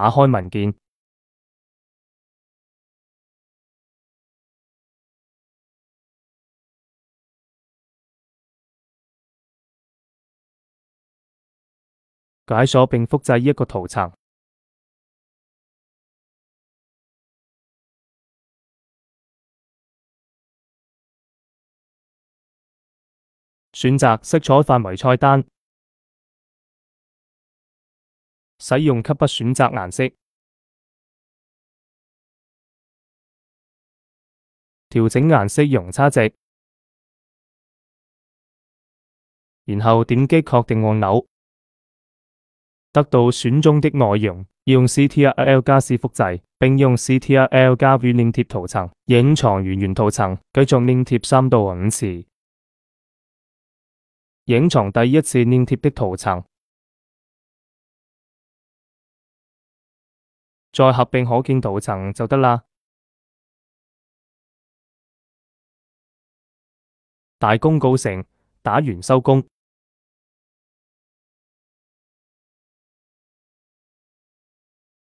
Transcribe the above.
打開文件，解鎖並複製一個圖層，選擇色彩範圍菜單。使用吸筆選擇顏色，調整顏色容差值，然後點擊確定按鈕，得到選中的內容。用 Ctrl 加 C 複製，並用 Ctrl 加 V 粘貼圖層，隱藏圓圓圖層，繼續粘貼三到五次，隱藏第一次粘貼的圖層。再合併可見圖層就得啦，大功告成，打完收工。